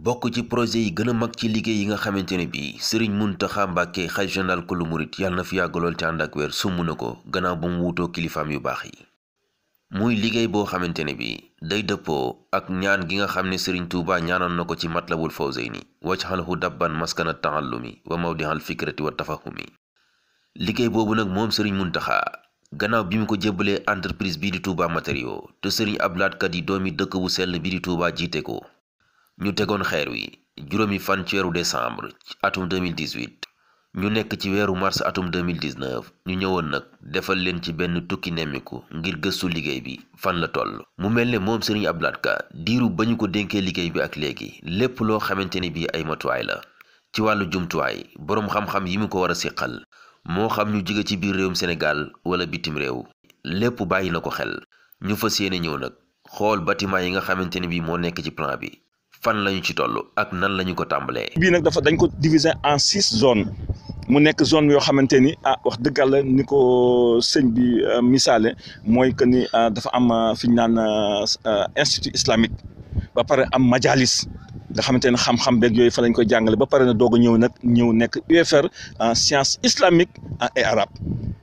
bokk ci projet yi gën a mag ci liggéey yi nga xamante ne bii Serigne Mountakha Mbacké xalifa général kulu murit yàlla na fi yàgg lool ci ànd ak wér sumb na ko gannaaw ba mu wuutoo kilifaam yu baax yi muy liggéey boo xamante ne bii day dëppoo ak ñaan gi nga xam ne Serigne Touba ñaanoon na ko ci matlabul fawzayni wajxalhu dabban maskana mi taallumi wa mawdihal fikrati wa tafahumi liggéey boobu nag moom Serigne Mountakha gannaaw bi mu ko jébbalee entreprise bii di Touba Matériaux te Serigne Abdou Lahad Ka di dëkk bu sell bi di Touba jiite ko ñu tegoon xeer wi juróomi fan ci weeru décembre atum 2018 ñu nekk ci weeru mars atum 2019 ñu ñëwoon nag defal leen ci benn tukki nemmiku ngir gëstu liggéey bi fan la toll mu mel ne moom Serigne Abdou Lahad diiru ba ko dénkee liggéey bi ak léegi lépp loo xamante ni bii ay matuwaay la ci wàllu jumtuwaay boroom xam-xam yi mu ko war a siqal moo xam ñu jóge ci biir réewum Sénégal wala bitim réew lépp bàyyi na ko xel ñu fas yéene ñëw nag xool bâtiment yi nga xamante ni bii moo nekk ci plan bi fan lañu ci toll ak nan lañu ko tàmbalee. bii nag dafa dañ ko diviser en six zones mu nekk zone yoo xamante ni ah wax dëgg yàlla ni ko sëñ bi euh, misaale mooy que ni euh, dafa am euh, fi ñu naan institut islamique ba pare am majalis. nga xamante ne xam-xam beeg yooyu fa lañ koy jàngale ba pare na doog a ñëw nag ñëw nekk UFR en science islamique ah, et arab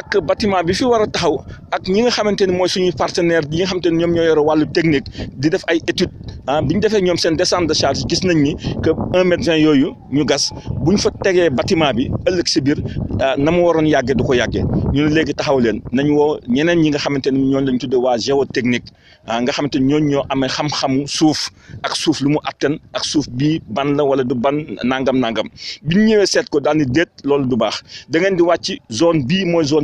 ak bâtiment bi fi war a taxaw ak ñi nga xamante ne mooy suñuy partenaire yi nga xamante ne ñoom ñoo yore wàllu technique di def ay étude ah ñu defee ñoom seen descente de charge gis nañ ni que un mètre yooyu ñu gas bu ñu fa tegee bâtiment bi ëllëg si biir ah, na mu waroon yàggee du ko yàggee ñu ne léegi taxaw leen nañ woo ñeneen ñi nga xamante ne ñooñu lañ tuddee waa géotechnique ah nga xamante ne ñooñu ñoo amee xam-xamu suuf ak suuf lu mu attan ak suuf bi ban la wala du ban nangam nangam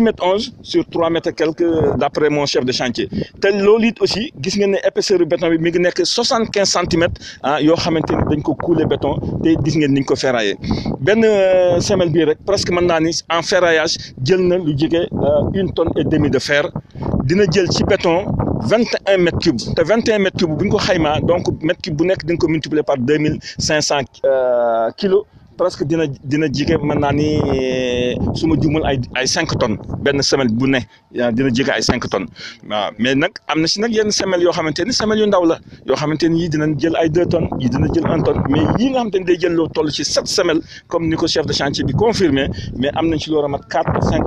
6 mètres 11 sur 3 mètres quelques d'après mon chef de chantier Tel l'olite aussi gis voyez l'épaisseur épaisseur béton bi mi ngi 75 cm. ah yoo xamante ni dañ le béton et gis ngeen ni ñu ko ferrailler benn euh, semelle presque maintenant, en ferraillage il na lu euh, une tonne et demie de fer dina jël ci béton. 21 mètres cubes 21 et mètres cubes bu ñu ko xaymaa donc mètre bu multiplier par 2500 euh, kilos presque dina dina jige man naa ni eh, su ma juumul ay ay cinq tonnes benn semelle bu ne dina jige ay cinq tonnes waaw mais nag am na si nag yenn semelle yoo xamante ni semelle yu ndaw yoo xamante ni yii dinañ jël ay deux tonnes yii dina jël un tonne mais yii nga xamante ni day jël loo toll si sept semelles comme ni ko chef de chantier bi confirmé mais am nañ ci loo ramat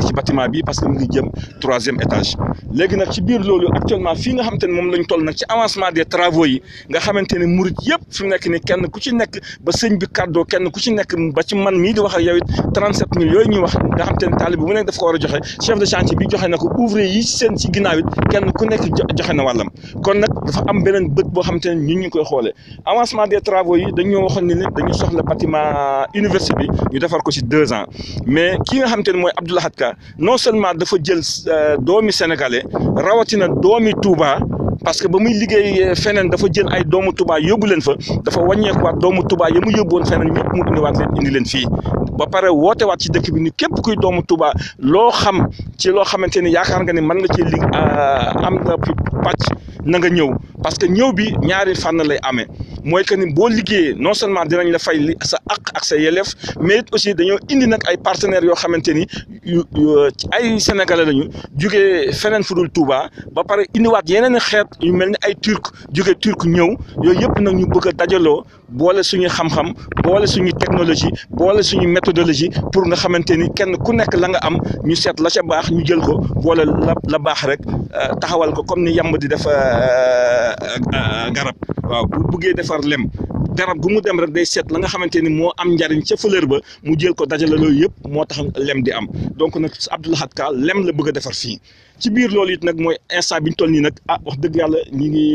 ci bâtiment bi parce que mu ngi jëm troisième étage léegi nag ci biir loolu actuellement fii nga xamante ni moom lañ toll nag ci avancement des travaux yi nga xamante ni murit yëpp fi nekk ni kenn ku ci nekk ba sëñ bi kàddoo kenn ku ci nekk ba ci man mii di wax a yow it 37 mille yooyu ñuy wax nga xam te ne taalib bu mu nekk daf ko war a joxe chef de chantier bi joxe na ko ouvrier yi seen ci ginnaaw it kenn ku nekk joxe na wàllam kon nag dafa am beneen bët boo xam te ne ñun ñu koy xoolee avancement des travaux yi dañoo waxoon ne ne dañu soxla bâtiment université bi ñu defar ko ci deux ans mais ki nga xam te ne mooy Abdou Lahad Ka non seulement dafa jël euh, doomi sénégalais rawatina doomi Touba. parce que ba muy liggéey euh, feneen dafa jël ay doomu tubaab yóbbu leen fa dafa wàññeekuwaat doomu tubaab ya mu yóbbuwoon feneen ñëpp mu indiwaat leen indi leen fii ba pare woote waat ci dëkk bi ni képp kuy doomu Touba loo xam ci loo xamante ni yaakaar nga ni mën na ci li ah, am na pàcc na nga ñëw parce que ñëw bi ñaari fànn lay amee mooy que ni boo liggéeyee non seulement dinañ la fay li sa àq ak sa yelleef mais aussi dañoo indi nag ay partenaires yoo xamante ni ay sénégalais lañu jugee feneen fu dul Touba ba pare indiwaat yeneen xeet yu mel ni ay turc jugee turc ñëw yooyu yëpp nag ñu bëgg a dajaloo. boole suñu xam-xam boole suñu technologie boole suñu méthodologie pour nga xamante ni kenn ku nekk la nga am ñu seet la ca baax ñu jël ko boole la la baax rek euh, taxawal ko comme ni yàmb di def euh, euh, garab. waaw bu buggee defar lem garab gu mu dem rek day seet la nga xamante ni moo am njariñ ca fleur ba mu jël ko dajale loolu yëpp moo tax lem di am donc nag Abdou Lahad Ka lem la bëgg a defar fii ci biir loolu it nag mooy instant bi ñu toll nii nag ah wax dëgg yàlla ñi ngi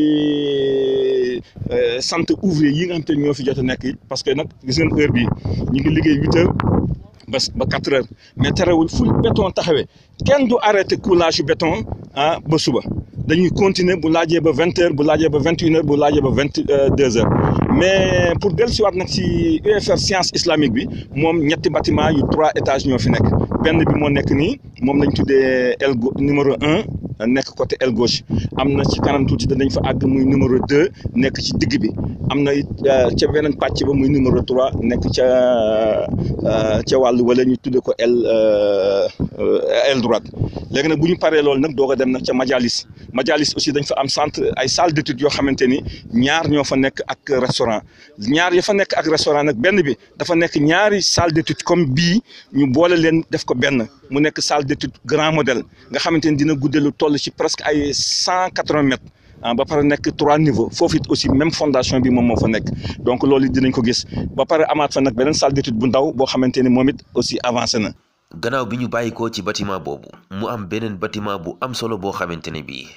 euh, sant ouvrier yi nga xamante ni ñoo fi jot a nekk parce que nag gis ngeen heure bii ñu ngi liggéey huit heures ba ba quatre heures mais terewul fu béton taxawee Quand doit arrêter coulage béton à ah, Bosuba Nous continuer à 20h, 21h, pour 22h. Mais pour Delsi Wadnaxi, UFR Sciences Islamiques, nous avons bâtiment de trois étages. Nous avons un numéro 1 nekk côté aile gauche am na ci kanam tuuti da nañ fa àgg muy numéro 2 nekk ci digg bi am na euh, ca beneen pàcc ba muy numéro 3 nekk ca euh, euh, ca wàllu wala ñu tudde ko el aile droite nag bu ñu paree loolu nag doog a dem nag ca Majalis Majalis aussi dañ fa am centre ay salle d'étude yoo xamante ni ñaar ñoo fa nekk ak restaurant ñaar ya fa nekk ak restaurant nag benn bi dafa nekk ñaari salle d'étude comme bii ñu boole leen def ko benn. mu nekk salle d'étude grand modèle nga xamante ni dina guddee lu toll ci presque ay cent quatre-vingts mètres ah, ba pare nekk trois niveaux foofu it aussi même fondation bi moom moo fa nekk donc loolu it dinañ ko gis ba pare amaat fa nag beneen salle d'étude bu ndaw boo xamante ne moom it aussi avancé na. gannaaw bi ñu bàyyi ko ci bâtiment boobu mu am beneen bâtiment bu am solo boo xamante ne bii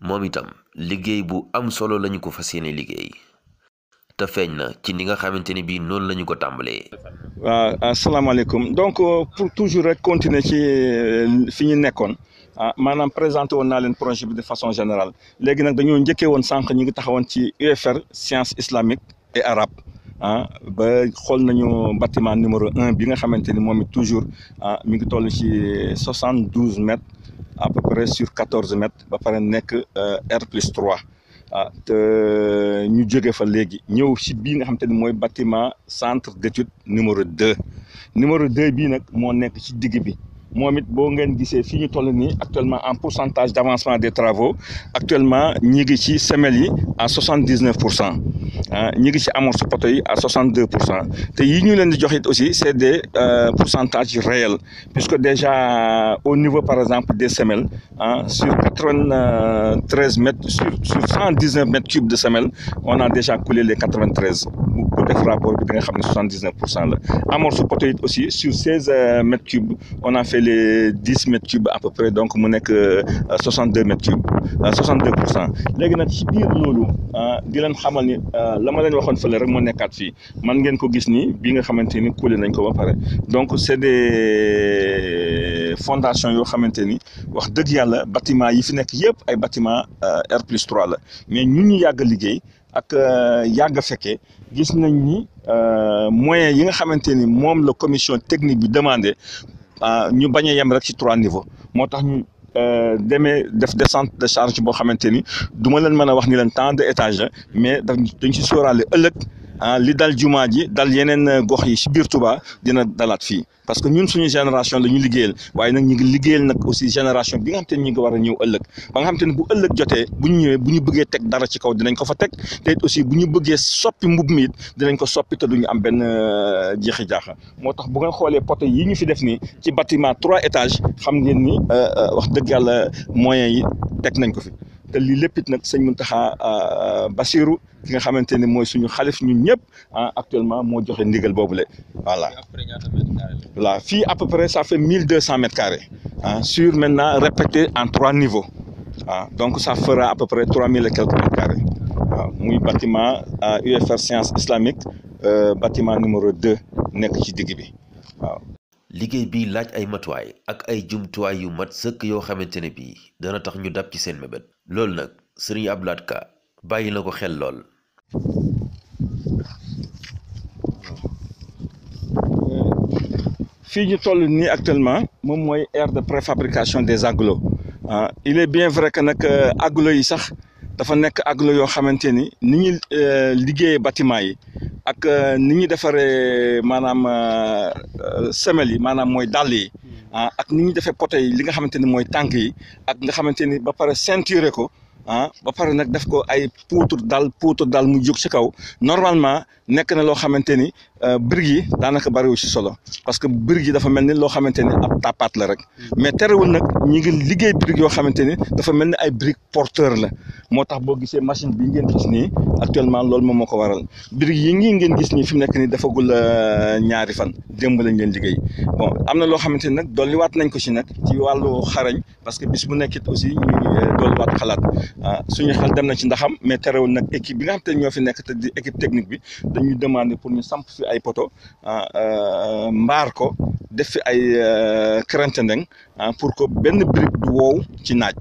moom itam liggéey bu am solo lañu ko fa yéene liggéey. alaikum. Donc, euh, pour toujours continuer à vais euh, Nekon, ah, maintenant présenter on a un projet de façon générale. Les gens qui ont été en train de faire UFR, sciences islamiques et arabes. Ah, nous avons le bâtiment numéro 1, bien que nous toujours 72 ah, mètres, à peu près sur 14 mètres, par un euh, R plus 3. ah ñu jóge fa léegi ñëw si bii nga xam te ne mooy bâtiment centre d'étude numéro 2 numéro 2 bii nag moo nekk ci digg bi. Mohamed Bongen dit que c'est fini, actuellement en pourcentage d'avancement des travaux actuellement ñi Semeli à 79%. dix neuf à 62%. Et aussi c'est des euh, pourcentages réels puisque déjà euh, au niveau par exemple des semelles ah, sur 119 mètres cubes de semelles, on a déjà coulé les 93% def rapport bi nga xamné 79% là. amor supporter aussi sur 16 euh, mètres cubes on a fait les 10 mètres cubes à peu près donc est nek 62 mètres cubes 62% légui nak ci bir lolu euh, di lan xamal ni euh, lama lañ waxon fele rek mo nekkat fi man ngeen ko gis ni bi nga xamanteni coulé nañ ko ba paré donc c'est des fondations yo xamanteni wax deug yalla bâtiment yi fi nek yépp ay bâtiment R+3 mais ñun ñu yag liggéey ak euh, yàgg fekkee gis nañ ni euh, moyens yi nga xamante ni moom la commission technique bi demandé ah, ñu bañ a yem rek ci trois niveaux moo tax ñu euh, demee def descente de charge boo xamante ni du ma leen mën a wax ni leen temps de étage mais dañ ci sóoraale ëllëg. ah li dal jumaa ji dal yeneen euh, gox yi ci bir Touba dina dalat fi parce que ñun suñu génération la ñu liggéeyal waye nak ñi ngi liggéeyal nak aussi génération bi nga xam te ne ñu ngi war a ñëw ba nga xam te bu ëlëk jotee bu ñu ñewé bu ñu bëggé teg dara ci kaw dinañ ko fa teg té aussi bu ñu bëggé soppi mbub mi dinañ ko soppi té duñu am ben euh, jexi jaxa motax bu nga xolé poteau yi ñu fi def ni ci bâtiment 3 étages xam ngeen ni euh, wax dëgg yàlla moyens yi teg nañ ko fi c'est ce lépp it le basirou, Mountakha ki nga xamanteni moy suñu xalif ñun ñëpp ah, actuellement mo joxe ndigal boobule voilà. voilà fi à peu près ça fait 1200m2, mètres carrés ah, sur maintenant répété en trois niveaux ah. donc ça fera à peu près 3000 et quelques mètres carrés waaw muy bâtiment UFR euh, science islamique euh, bâtiment numéro 2, nek ci digg bi liggéey bi laaj ay matuwaay ak ay jumtuwaay yu mat sëkk yoo xamante ne bii dana tax ñu dab ci seen mébét loolu nag sëriñ Abdou Lahad Ka bàyyi na ko xel lool fii ñu toll nii actuellement moom mooy aire de préfabrication des agglos ah il est bien vrai que nag euh, agglos yi sax dafa nekk agglos yoo xamante ni ni ñuy euh, liggéeyee bâtiment yi ak euh, ni ñuy defaree maanaam euh, euh, semelles yi maanaam mooy dàll yi hmm. ah ak ni ñuy defee poto yi li nga xamante ni mooy tànk yi ak nga xamante ni ba pare ceinture ko ah ba pare nag def ko ay poutre dal poutre daal mu jug ci kaw normalement nekk na loo xamante ni Euh, birig yi daanaka bariwu ci solo parce que birig yi dafa mel ni loo xamante ni ab tàppaat la rek mais terewul nag ñi ngi liggéey birig yoo xamante ni dafa mel ni ay birig porteur la moo tax boo gisee machine bi ngeen gis nii actuellement loolu moom moo ko waral birig yi ngi ngeen gis nii fi mu nekk nii dafagul euh, ñaari fan démb lañ leen liggéey bon am na loo xamante ni nag dolliwaat nañ ko ci nag ci wàllu xarañ parce que bis bu nekkit aussi ñu euh, dolliwaat xalaat ah, suñu xel dem na ci ndaxam mais terewul nag équipe bi nga xam fi nekk te di bi ay poto ah, euh, mbaar ko def fi ay euh, krantendeng ah, pour que benn brique du woow ci naaj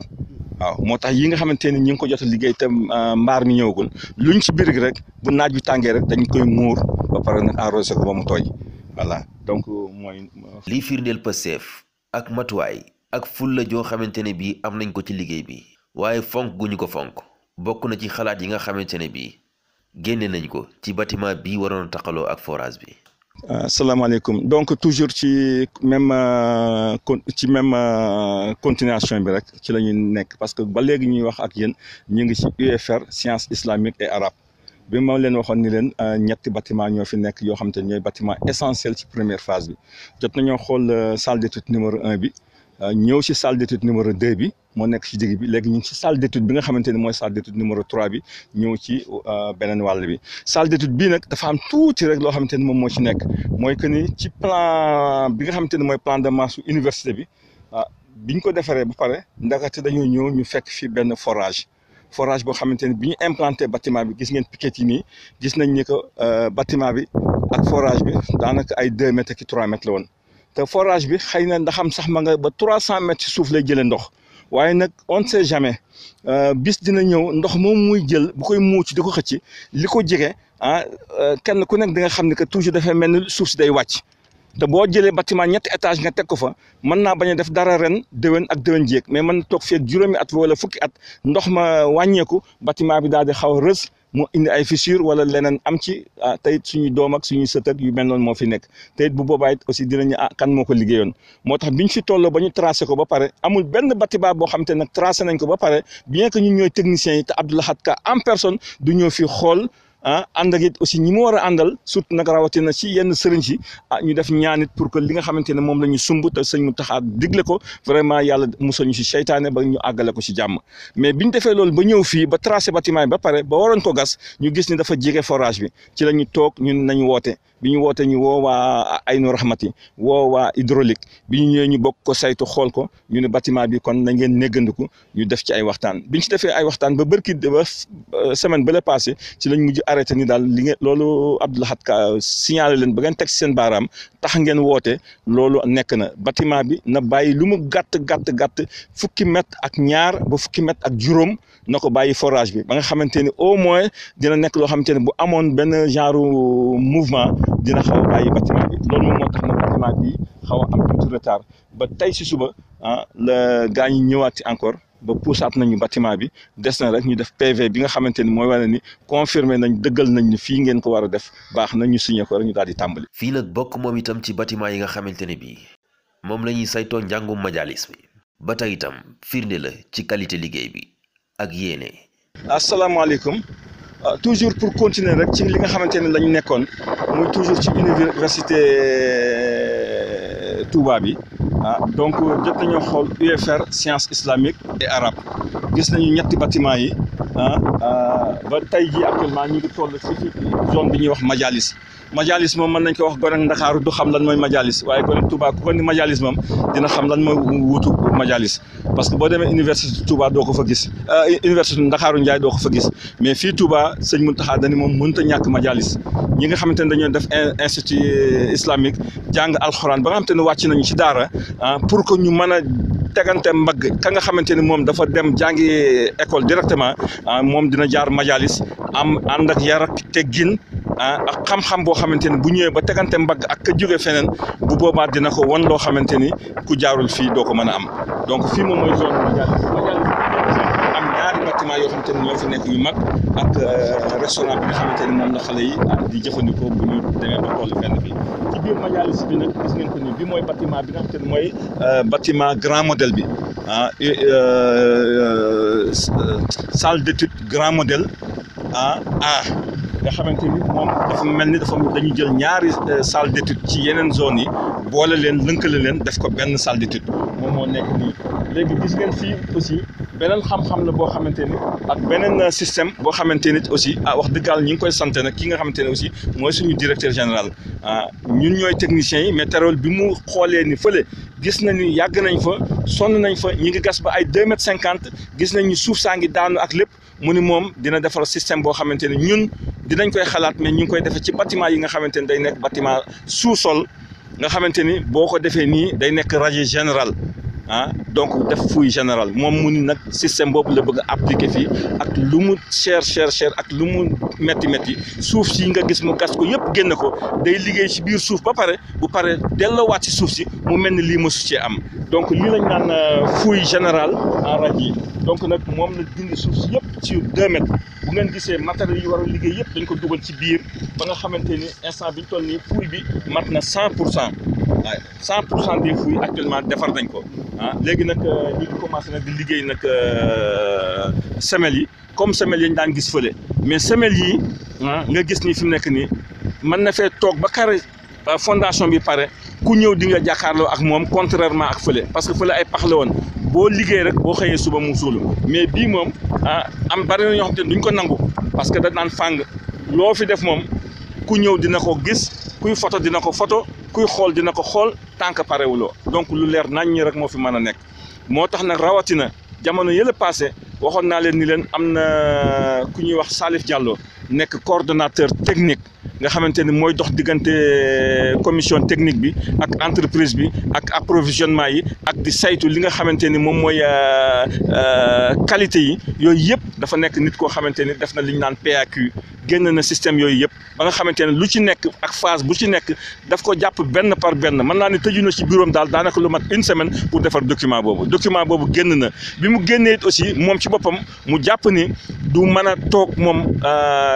waaw moo tax yi nga xamante ni ñi ngi ko jot a liggéey te euh, mbaar mi ñëwagul luñ ci birig rek bu naaj bi tàngee rek dañ koy muur ba pare nag arrosé ko ba mu tooy voilà donc mooy. fiir firndeel Pastef ak matuwaay ak fulla joo xamante ne bii am nañ ko ci liggéey bi waaye fonk gu ñu ko fonk bokk na ci xalaat yi nga xamante ne bii. génne nañ ko ci bâtiment bi waroon taxaloo ak forage bi. asalaamaaleykum ah, donc toujours ci même euh, con ci même euh, continuation bi rek ci la ñuy nekk parce que ba léegi ñuy wax ak yéen ñu ngi ci UFR science islamique et arabe bi ma leen waxoon ni leen euh, ñetti bâtiment ñoo fi nekk yoo xam te ñooy bâtiment essentiel ci première phase bi jot nañoo xool salle d'étude numéro un bi. Euh, ñëw si salle d'étude numéro 2 bi moo nekk si digg bi léegi ñu ngi salle d'étude bi nga xamante ni mooy salle d'étude numéro 3 bi ñëw ci euh, beneen wàll bi salle d'étude bii nag dafa am tuuti rek loo xamante ni moom moo ci nekk mooy que ni ci plan bi nga xamante ni mooy plan de masse université bi ah ñu ko defaree ba pare ndaxte dañoo ñëw ñu fekk fi benn forage forage boo xamante ni bi ñu implanté bâtiment bi gis ngeen piquet yi nii gis nañ ni que euh, bâtiment bi ak forage bi daanaka ay 2 mètres la woon. te forage bi xëy na ndaxam sax ma nga ba trois cent mètres suuf lay jëlee ndox waaye nag on ne sait jamais euh, bis dina ñëw ndox moo muy jël bu koy muuc di ko xëcc li ko jege ah euh, kenn ku nekk di nga xam ne que toujours dafay mel ni suuf si day wàcc te boo jëlee bâtiment ñetti étage nga teg ko fa mën naa bañ a def dara ren déwén ak déwén jéeg mais man na toog fii ak juróomi at wala fukki at ndox ma wàññeeku bâtiment bi daal di xaw a rës moo indi ay fissure wala leneen am ci ah tey suñuy doom ak suñuy sët ak yu mel noonu moo fi nekk te bu boobaa it aussi dinañu ah kan moo ko liggéeyoon moo tax biñ fi tolloo ba ñu tracé ko ba pare amul benn bâtiment boo xam te nag tracé nañ ko ba pare bien que ñu ñooy techniciens yi te Abdou Ka en personne du ñëw fi xool. ah ànd ak it aussi ñi mu war a àndal surtout nag rawatina ci yenn sëriñ si ah ñu def ñaanit pour que li nga xamante ne moom la ñu sumb te sëñ mu taxaat digle ko vraiment yàlla musal ñu si seytaane ba ñu àggale ko si jàmm mais biñ defee loolu ba ñëw fii ba tracé bâtiment yi ba pare ba waroon ko gas ñu gis ni dafa jege forage bi ci la ñu toog ñun nañu woote bi ñu woote ñu woo waa Aynu Rahmati woo waa hydraulique bi ñu ñëwee ñu bokk ko saytu xool ko ñu ne bâtiment bi kon na ngeen néggandiku ñu def ci ay waxtaan bi ñu ci defee ay waxtaan ba bërki ba semaine ba la passé ci lañ mujj arrêté ni daal li ngeen loolu Abdou Lahad Ka euh, signalé leen ba ngeen teg seen baaraam tax ngeen woote loolu nekk na bâtiment bi na bàyyi lu mu gàtt gàtt gàtt fukki mètre ak ñaar ba fukki met ak juróom na ko bàyyi forage bi ba nga xamante ni au moins dina nekk loo xamante ni bu amoon benn genre mouvement dina xaw a bàyyi bâtiment bi loolu moom moo tax nag bâtiment bi xaw a am tuuti retard ba tey si suba ah la gaa ñi ñëwaati encore ba puusaat nañu bâtiment bi des na rek ñu def PV bi nga xamante ni mooy wane ni confirmé nañ dëggal nañ ni fii ngeen ko war a def baax na ñu signé ko rek ñu daal di tàmbali. fii nag bokk moom itam ci bâtiment yi nga xamante ne bii moom la ñuy saytoo njàngum majalis bi ba tey itam firnde la ci qualité liggéey bi ak yéene. asalaamaaleykum. Euh, toujours pour continuer rek ci li nga toujours à l'Université euh, Touba ah, donc nous avons xool UFR sciences islamiques et arabes gis nañu ñetti bâtiment yi. Ah, ah, ba tey jii actuellement ñu ngi toll si zone bi ñuy wax majalis majalis moom man nañ ko wax gone ak Ndakaaru du xam lan mooy majalis waaye gone Touba ku ko ni majalis moom dina xam lan mooy wutu majalis parce que boo demee université Touba doo ko fa gis ah, université Ndakaaru Ndiaye doo ko fa gis mais fii Touba sëñ Mountakha dañu moom mënut a ñàkk majalis ñi nga xamante ne dañoo def institut islamique jàng alxuraan ba nga xamante ne wàcc nañu ci daara pour que tegante mbagg kanga nga xamante ni moom dafa dem jàngi école directement ah, moom dina jaar majalis am ànd ak yar ak teggin ah, ak xam-xam boo xamante ni bu ñëwee ba tegante mbag ak ka jóge feneen bu boobaa dina ko won loo xamante ni ku jaarul fii doo ko mën a am donc fii moom mooy zone majalis bâtiment yoo xamante ni ñoo fi nekk yu mag ak euh, restaurant bi nga xamante ni moom la xale yi di jëfandikoo bu ñu demee ba toll fenn fii ci biir Majaalis bi nag gis ngeen bi mooy bâtiment bi nga xamante ni mooy euh, bâtiment grand modèle bi ah euh, salle d'étude grand modèle ah ah nga xamanteni mom dafa melni ni dafa dañu jël ñaari salle d'étude ci yenen zone yi boole leen lënkale leen def ko benn salle d'étude mom mo nekk ni légui gis ngeen fi aussi benen xam-xam la bo xamanteni ak benen système bo xamanteni aussi ah wax dëgg gal ñi ngi koy santé nak ki nga xamanteni aussi moy suñu directeur général ah ñun ñoy technicien yi mais terol bi mu xolé ni feulé gis nañu yag nañ fa son nañ fa ñi ngi gas ba ay 2m50 gis nañu suuf sangi daanu ak lépp mu ni moom dina defal système bo xamanteni ñun. dinañ koy xalaat mais ñu ngi koy defee ci bâtiment yi nga xamante ni day nekk bâtiment sous-sol nga xamante ni boo ko defee nii day nekk radier général ah donc def fouille générale mom mu ni nag système boobu la bëgg appliquer fi ak lu mu cher cher cher ak lu mu metti metti suuf ci nga gis mu gas ko yëpp génn ko day liggéey ci biir suuf ba paré bu pare delloowaat ci suuf ci mu melni li mësu ci am donc lii lañ nane euh, fouille générale en radier donc nak mom na dindi suuf ci yépp ci 2 mètres bu ngeen gisee matériel yi war a liggéey yëpp dañ ko dugal ci biir ba nga xamante ni instant bi toll nii fouille bi mat na 100 pour 100 waaye pour cent des fouilles actuellement defar nañ ko ah léegi nag euh, ñu ngi commencé nag di liggéey nag euh, semelle yi comme semelle yi daan gis fële mais semelle yi ah. nga gis ni fi mu nekk nii mën na fee toog ba carré euh, fondation bi pare ku ñëw di nga jàkkaarloo ak moom contrairement ak fële parce que fële ay pax la woon boo liggéey rek boo xëyee suba mu suulu mais bii moom ah am bari na ñoo xam te duñ ko nangu parce que da naan fàng loo fi def moom ku ñëw dina ko gis kuy photo dina ko photo kuy xool dina ko xool tànk parewuloo donc lu leer nañ ñi rek moo fi mën a nekk moo tax nag rawatina jamono yële passé waxoon naa leen ni leen am na ku ñuy wax Salif Diallo nekk coordonnateur technique nga xamante ni mooy dox diggante euh, commission technique bi ak entreprise bi ak approvisionnement yi ak di saytu li nga xamante ni moom mooy euh, euh, qualité yi yooyu yëpp dafa nekk nit koo xamante ni def na li ñu naan PAQ génn na système yooyu yëpp ba nga xamante ne lu ci nekk ak phase bu ci nekk daf ko jàpp benn par benn mën naa ne tëju na ci bureau daal daanaka lu mat une semaine pour defar document boobu document boobu génn na bi mu génnee aussi moom ci boppam mu jàpp ni du mën a toog moom.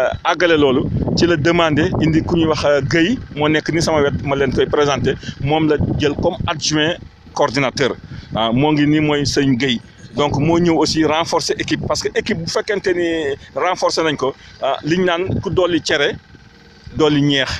Euh, àggale loolu ci la demander indi ku wax geuy mo nek ni sama wette ma len koy présenté mom la jël comme adjoint coordinateur ah, mo ngi ni moy sëñ geuy donc mo ñeu aussi renforcer équipe parce que équipe bu fekkente ni renforcer nañ ko ah, liñ nane ku doli ciéré doli ñeex.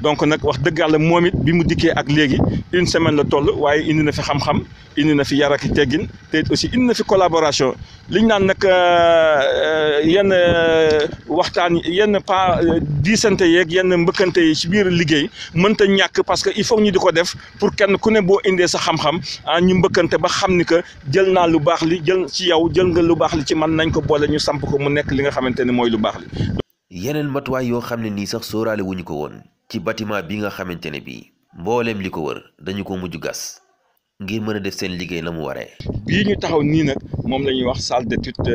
donc nag wax dëgg yàlla moom it bi mu dikkee ak léegi une semaine la toll waaye indi na fi xam-xam indi na fi yar ak teggin te aussi indi na fi collaboration li ñu naan nag euh, euh, yenn euh, waxtaan yenn pas diisante yeeg yenn mbëkkante yi ci biir liggéey mënta ñàkk parce que il faut ñu di ko def pour kenn ku ne boo indee sa xam-xam ah ñu mbëkkante ba xam ni que jël naa lu baax li jël ci yow jël nga lu baax li ci man nañ ko boole ñu samp ko mu nekk li nga xamante ne mooy lu baax li. yeneen matuwaay yoo xam ne nii sax sóoraale ko woon. ci batiment bi nga xamante ne bii mbooleem li ko wër dañu ko mujj gas ngir mën a def seen liggéey la mu waree. bii ñu taxaw nii nag moom la ñuy wax salle d'étude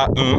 A1.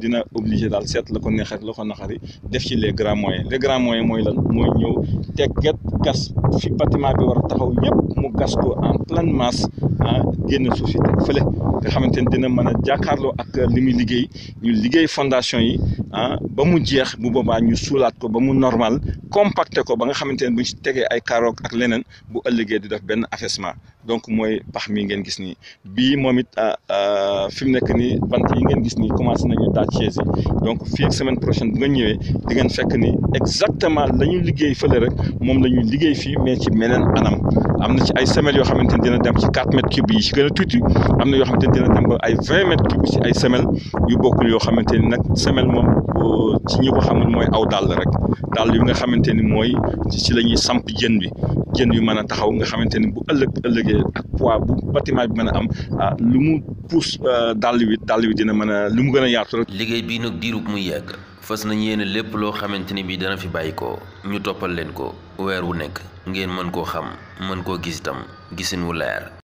dina obligé daal seet la ko neex ak la ko naxari def ci les grands moyens les grands moyens mooy lan mooy ñëw tegget gas fi bâtiment bi war a taxaw yëpp mu gas ko en pleine masse ah génn suuf si nga xamante ni dina mën a jàkkaarloo ak li muy liggéey ñu liggéey fondation yi ah ba mu jeex bu boobaa ñu suulaat ko ba mu normal compacté ko ba nga xamante ne bu ñu ci tegee ay caroog ak leneen bu ëllëgee di def benn affaissement donc mooy pax mi ngeen gis nii bii moom it ah, ah, fi mu nekk nii bant yi ngeen gis nii commencé nañu daaj chaise yi donc fii semaine prochaine bu nga ñëwee di ngeen fekk ni exactement la ñu liggéey fële rek moom la liggéey fii mais ci meneen anam am na ci ay semelles yoo xamante ne dina dem ci quatre mètres cubes yi ci a yoo xamante ne dina dem ba ay bokkul yoo xamante ni nag semelle moom ci ñi ko xamul mooy aw dàll rek dàll yu nga xamante ni mooy ci la ñuy samp jën bi jën yu mën a taxaw nga xamante ni bu ëllëg ëllëgee ak poids bu bâtiment bi mën a am ah, lu mu pousse ah, dàll wi dàll wi dina mën a lu mu gën a yaatu rek. liggéey bii nag diirub muy yàgg fas nañ yéene lépp loo xamante ni bii dana fi bàyyi ko ñu toppal leen ko weer wu nekk ngeen mën koo xam mën koo gis itam gisin wu leer.